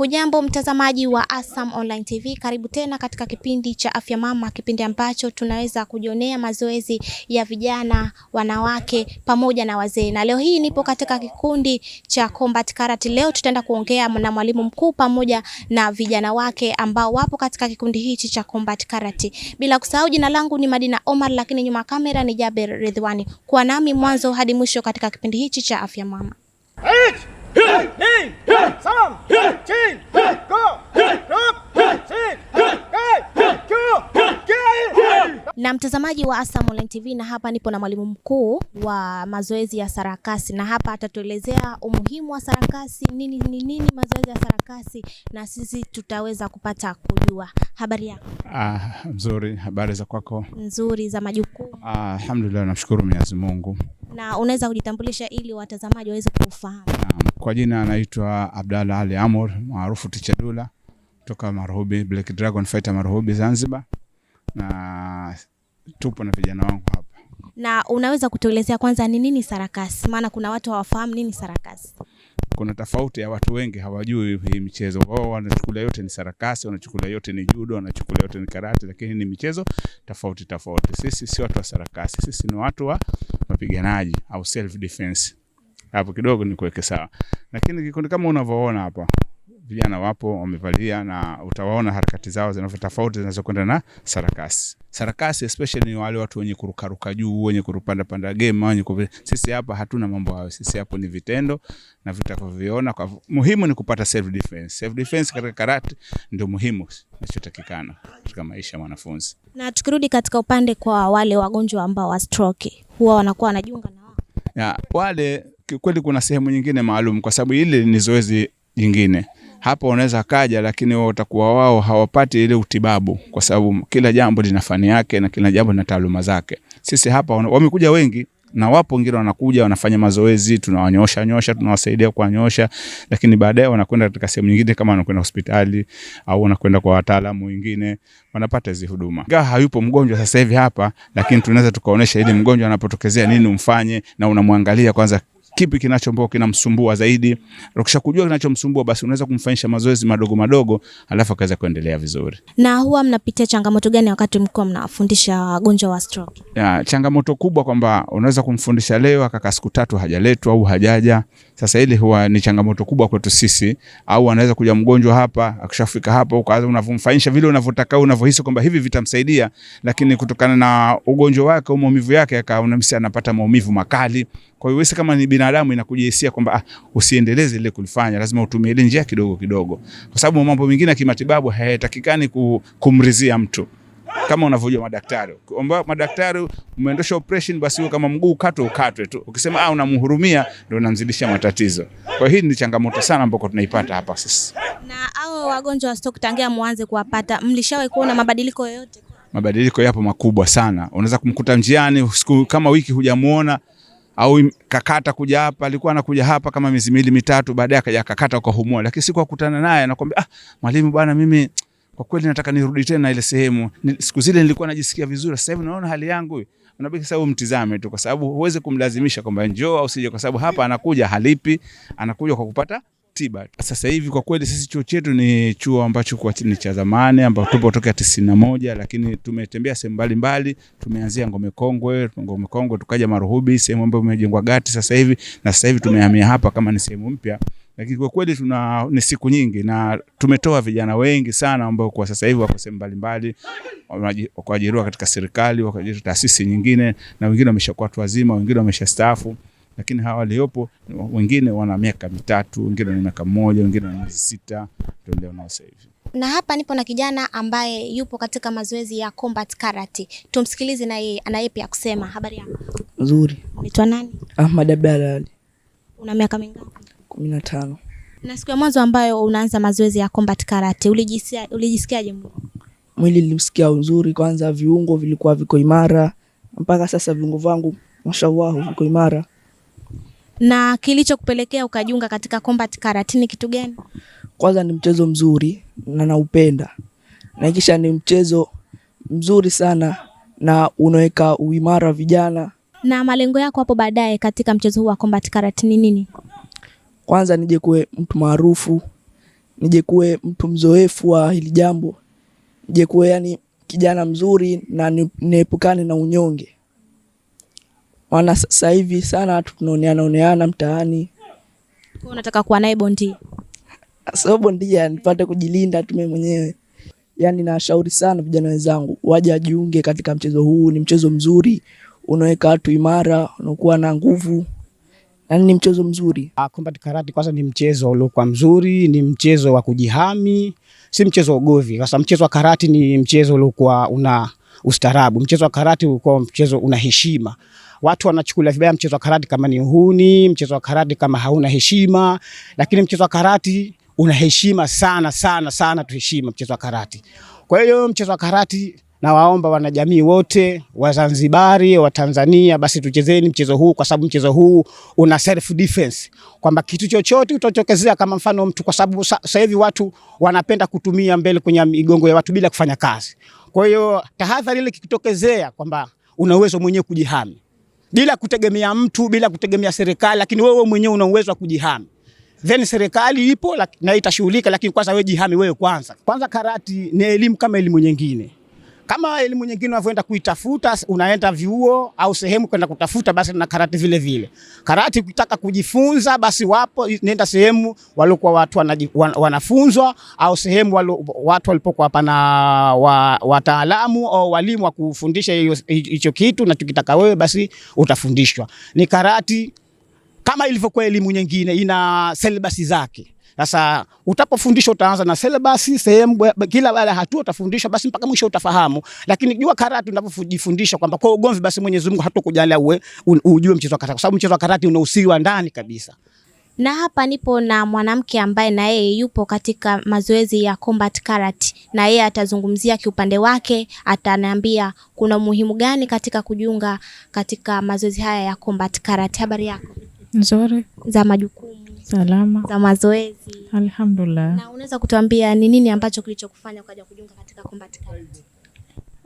Hujambo mtazamaji wa Asam Online TV, karibu tena katika kipindi cha Afya Mama, kipindi ambacho tunaweza kujionea mazoezi ya vijana, wanawake pamoja na wazee. Na leo hii nipo katika kikundi cha Combat Karate. Leo tutaenda kuongea na mwalimu mkuu pamoja na vijana wake ambao wapo katika kikundi hichi cha Combat Karate. Bila kusahau jina langu ni Madina Omar, lakini nyuma kamera ni Jaber Ridhwani. Kuwa nami mwanzo hadi mwisho katika kipindi hichi cha Afya Mama. Hey! Hey! Hey! Mtazamaji wa ASAM Online TV, na hapa nipo na mwalimu mkuu wa mazoezi ya sarakasi, na hapa atatuelezea umuhimu wa sarakasi, nini ni nini mazoezi ya sarakasi, na sisi tutaweza kupata kujua. Habari yako? Ah, mzuri. Habari za kwako? Nzuri. Za majukumu? Ah, alhamdulillah, namshukuru Mwenyezi Mungu. Na unaweza kujitambulisha ili watazamaji waweze kufahamu? Naam, kwa jina anaitwa Abdalla Ali Amor maarufu Ticha Dula kutoka Marhubi Black Dragon Fighter Marhubi Zanzibar, na tupo na vijana wangu hapa. Na unaweza kutuelezea kwanza ni nini sarakasi? Maana kuna watu hawafahamu nini sarakasi. Kuna tofauti ya watu wengi hawajui hii michezo. Wao wanachukulia yote ni sarakasi, wanachukulia yote ni judo, wanachukulia yote ni karate, lakini ni michezo tofauti tofauti. Sisi si watu wa sarakasi, sisi ni watu wa wapiganaji au self defense. Hapo kidogo ni kuweke sawa, lakini kikundi kama unavyoona hapa vijana wapo wamevalia, na utawaona harakati zao zinavyo tofauti zinazokwenda na sarakasi. Sarakasi especially ni wale watu wenye kurukaruka juu, wenye kurupanda panda game, wenye kubi. Sisi hapa hatuna mambo hayo, sisi hapo ni vitendo na vitakavyoona. Kwa muhimu ni kupata self defense. Self defense katika karate ndio muhimu kinachotakikana katika maisha ya mwanafunzi. Na tukirudi katika upande kwa wale wagonjwa ambao wa stroke huwa wanakuwa wanajiunga na wao ya wale, kweli kuna sehemu nyingine maalum, kwa sababu ile ni zoezi jingine hapo unaweza kaja, lakini wao watakuwa wao hawapati ile utibabu, kwa sababu kila jambo lina fani yake na kila jambo lina taaluma zake. Sisi hapa wamekuja wengi na wapo wengine wanakuja wanafanya mazoezi, tunawanyosha nyosha, tunawasaidia kuwanyoosha, lakini baadaye wanakwenda katika sehemu nyingine, kama wanakwenda hospitali au wanakwenda kwa wataalamu wengine, wanapata hizo huduma. Ingawa hayupo mgonjwa sasa hivi hapa, lakini tunaweza tukaonesha ili mgonjwa anapotokezea nini umfanye, na unamwangalia kwanza kipi kinachombo kinamsumbua zaidi. kujua kinachomsumbua basi unaweza kumfanyisha mazoezi madogo madogo, alafu akaweza kuendelea vizuri. Na huwa mnapitia changamoto gani wakati mko mnawafundisha wagonjwa wa stroke? Ya, changamoto kubwa kwamba unaweza kumfundisha leo akakaa siku tatu hajaletwa au hajaja sasa ile huwa ni changamoto kubwa kwetu sisi, au anaweza kuja mgonjwa hapa, akishafika hapa ukaanza unavomfanyisha vile unavyotaka, unavyohisi kwamba hivi vitamsaidia, lakini kutokana na ugonjwa wake au maumivu yake msi anapata maumivu makali. Kwa hiyo wewe kama ni binadamu inakujihisia kwamba ah, usiendeleze ile kulifanya, lazima utumie ile njia kidogo kidogo, kwa sababu mambo mengine ya kimatibabu hayatakikani kumrizia mtu kama unavyojua madaktari, kwamba madaktari umeendesha operation, basi kama mguu katwe ukatwe tu, ukisema ah, unamhurumia ndio unamzidishia matatizo. Kwa hiyo hii ni changamoto sana ambayo tunaipata hapa sisi. Na hao wagonjwa wa stroke tangia mwanze kuwapata, mlishawahi kuona mabadiliko yoyote? Mabadiliko yapo makubwa sana, unaweza kumkuta njiani siku kama wiki hujamuona au kakata kuja hapa, alikuwa anakuja hapa kama miezi miwili mitatu, baadaye akaja kakata humo, lakini siku akutana naye anakuambia, ah, mwalimu bwana, mimi kwa kweli nataka nirudi tena ile sehemu. Siku zile nilikuwa najisikia vizuri, sasa hivi naona hali yangu unabaki sasa, umtizame tu, kwa sababu huwezi kumlazimisha kwamba njoo au sije, kwa sababu hapa anakuja halipi, anakuja kwa kupata tiba. Sasa hivi kwa kweli sisi chuo chetu ni chuo ambacho kwa chini cha zamani ambao tupo tokea tisini na moja, lakini tumetembea sehemu mbalimbali. Tumeanzia Ngome Kongwe, Ngome Kongwe tukaja Maruhubi, sehemu ambayo imejengwa gati sasa hivi, na sasa hivi tumehamia hapa kama ni sehemu mpya. Lakini kwa kweli tuna ni siku nyingi na tumetoa vijana wengi sana ambao kwa sasa hivi wako sehemu mbalimbali, wakuajiriwa katika serikali, wakaajiriwa taasisi nyingine, na wengine wameshakuwa watu wazima, wengine wameshastaafu lakini hawa waliopo wengine wana miaka mitatu, wengine wana miaka mmoja, wengine wana miezi sita, ndio ndio nao sasa hivi. Na hapa nipo na kijana ambaye yupo katika mazoezi ya combat karate. Tumsikilize na yeye ana yapi ya kusema. Habari yako? Nzuri. Unaitwa nani? Ahmad Abdalla. Una miaka mingapi? kumi na tano. Na siku ya mwanzo ambayo unaanza mazoezi ya combat karate ulijisikia, ulijisikiaje? Mwili nilisikia uzuri kwanza, viungo vilikuwa viko imara mpaka sasa, viungo vangu mashallah viko imara. Na kilichokupelekea ukajiunga katika combat karate ni kitu gani? Kwanza ni mchezo mzuri na naupenda, na kisha ni mchezo mzuri sana na unaweka uimara vijana. Na malengo yako hapo baadaye katika mchezo huu wa combat karate ni nini? kwanza nije kuwe mtu maarufu, nije kuwe mtu mzoefu wa hili jambo, nije kuwe yani kijana mzuri na niepukane na unyonge, maana sasa hivi sana watu tunaoneana oneana mtaani. Unataka kuwa naye bondi? Sio bondi anipate kujilinda tu mimi mwenyewe. Yani nashauri sana vijana wenzangu waje wajiunge katika mchezo huu, ni mchezo mzuri, unaweka watu imara, unakuwa na nguvu yani ni mchezo mzuri. Ah, combat karate kwanza ni mchezo uliokuwa mzuri, ni mchezo wa kujihami, si mchezo wa ugovi. Sasa mchezo wa karate ni mchezo uliokuwa una ustarabu. Mchezo wa karate ulikuwa mchezo una heshima. Watu wanachukulia vibaya mchezo wa karate kama ni uhuni, mchezo wa karate kama hauna heshima, lakini mchezo wa karate una heshima sana sana sana, tuheshima mchezo wa karate. Kwa hiyo mchezo wa karate na waomba wanajamii wote Wazanzibari, wa Tanzania, basi tuchezeni mchezo huu, kwa sababu mchezo huu una self defense, kwamba kitu chochote utachokezea kama mfano mtu, kwa sababu sasa hivi watu wanapenda kutumia mbele kwenye migongo ya watu bila kufanya kazi. Kwa hiyo tahadhari ile kikitokezea kwamba una uwezo mwenyewe kujihami bila kutegemea mtu, bila kutegemea serikali, lakini wewe mwenyewe una uwezo wa kujihami then serikali ipo na itashughulika, lakini kwanza wewe jihami wewe kwanza. Kwanza karati ni elimu kama elimu nyingine. Kama elimu nyingine unavyoenda kuitafuta, unaenda vyuo au sehemu kwenda kutafuta, basi na karate vile vile. Karate ukitaka kujifunza, basi wapo, nenda sehemu walikuwa watu wanafunzwa au sehemu walu, watu walipokuwa pana wa, wataalamu au walimu wa kufundisha hicho kitu nachokitaka wewe, basi utafundishwa. Ni karate kama ilivyokuwa elimu nyingine, ina syllabus zake. Sasa utapofundisha utaanza na syllabus sehemu, kila baada ya hatua utafundishwa basi mpaka mwisho utafahamu. Lakini jua karate unapojifundisha kwamba kwa ugomvi, basi Mwenyezi Mungu hatakujalia uwe ujue mchezo wa karate, kwa sababu mchezo wa karate una usiri wa ndani kabisa. Na hapa nipo na mwanamke ambaye na yeye yupo katika mazoezi ya combat karate, na yeye atazungumzia kiupande wake, ataniambia kuna umuhimu gani katika kujiunga katika mazoezi haya ya combat karate. Habari yako? Nzuri. Za majukumu Salama za mazoezi. Alhamdulillah. Na unaweza kutuambia ni nini ambacho kilichokufanya ukaja kujiunga katika Combat Club?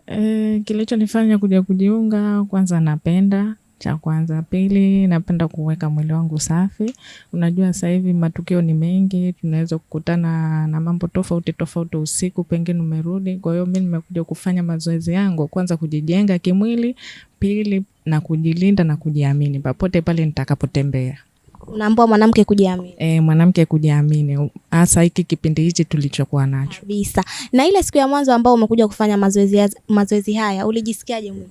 E, eh, kilichonifanya kuja kujiunga, kwanza napenda cha kwanza. Pili, napenda kuweka mwili wangu safi. Unajua sasa hivi matukio ni mengi, tunaweza kukutana na mambo tofauti tofauti usiku, pengine umerudi. Kwa hiyo mimi nimekuja kufanya mazoezi yangu, kwanza kujijenga kimwili, pili na kujilinda na kujiamini popote pale nitakapotembea unaambua mwanamke kujiamini. E, mwanamke kujiamini hasa hiki kipindi hichi tulichokuwa nacho kabisa. Na ile siku ya mwanzo ambao umekuja kufanya mazoezi mazoezi haya ulijisikiaje mwili?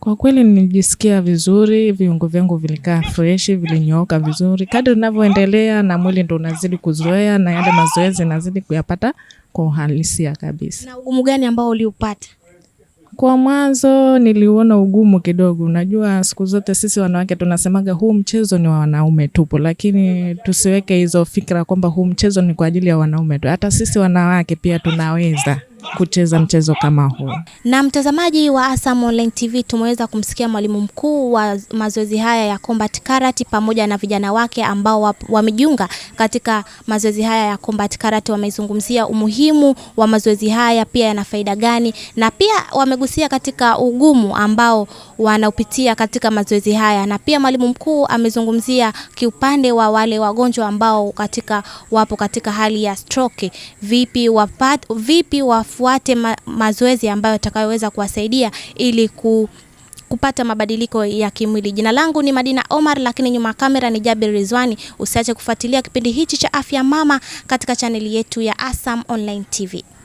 Kwa kweli nilijisikia vizuri, viungo vyangu vilikaa freshi, vilinyooka vizuri. Kadri ninavyoendelea na mwili ndo unazidi kuzoea na yale mazoezi nazidi kuyapata kwa uhalisia kabisa. Na ugumu gani ambao uliupata? Kwa mwanzo niliuona ugumu kidogo. Unajua siku zote sisi wanawake tunasemaga huu mchezo ni wa wanaume tupo, lakini tusiweke hizo fikra kwamba huu mchezo ni kwa ajili ya wanaume tu. Hata sisi wanawake pia tunaweza kucheza mchezo kama huu. Na mtazamaji wa ASAM Online TV, tumeweza kumsikia mwalimu mkuu wa mazoezi haya ya combat karate pamoja na vijana wake ambao wamejiunga katika mazoezi haya ya combat karate. Wamezungumzia umuhimu wa mazoezi haya, pia yana faida gani, na pia wamegusia katika ugumu ambao wanaopitia katika mazoezi haya, na pia mwalimu mkuu amezungumzia kiupande wa wale wagonjwa ambao katika wapo katika hali ya stroke, vipi wapat, vipi wafuate ma, mazoezi ambayo atakayoweza kuwasaidia ili ku kupata mabadiliko ya kimwili. Jina langu ni Madina Omar, lakini nyuma kamera ni Jabir Rizwani. Usiache kufuatilia kipindi hichi cha Afya Mama katika chaneli yetu ya ASAM Online TV.